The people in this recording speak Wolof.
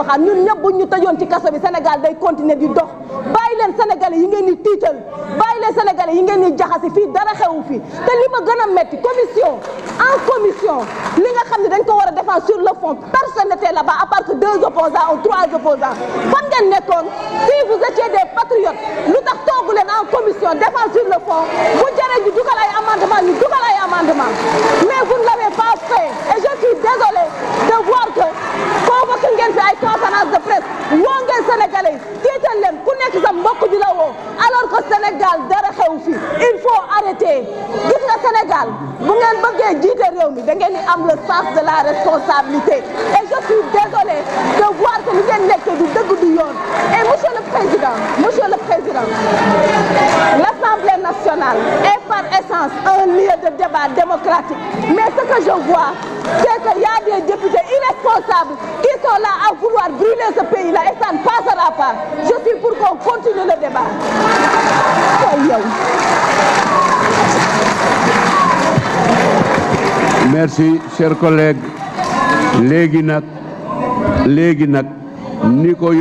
waxaat ñun ñëpp bu ñu tëjoon ci kaso bi Sénégal day continuer di dox bàyyi leen sénégalais yi ngeen di tiital bàyyi leen sénégalais yi ngeen di jaxasi fii dara xewu fi te li ma gën a metti commission en commission li nga xam ne dañ ko war a défendre sur le fond personne n'était là-bas à part que deux opposants ou trois ngeen nekkoon si vous étiez des lu tax toogu leen en commission défendre sur le fond bu jëree ñu dugal ay amendement ñu dugal ay amendement téye gis nga Sénégal bu ngeen bëggee jiite réew mi da ngeen am le sens de la responsabilité et je suis désolée de voir que li ngeen nekk du dëgg du yoon et monsieur le président l'Assemblée nationale est par essence un lieu de débat démocratique mais ce que je vois c'est que y a des qui sont là à vouloir brûler ce pays-là et ça ne passera pas je suis pour qu'on continue le débat merci chers collègues léegi nag léegi nag ni ko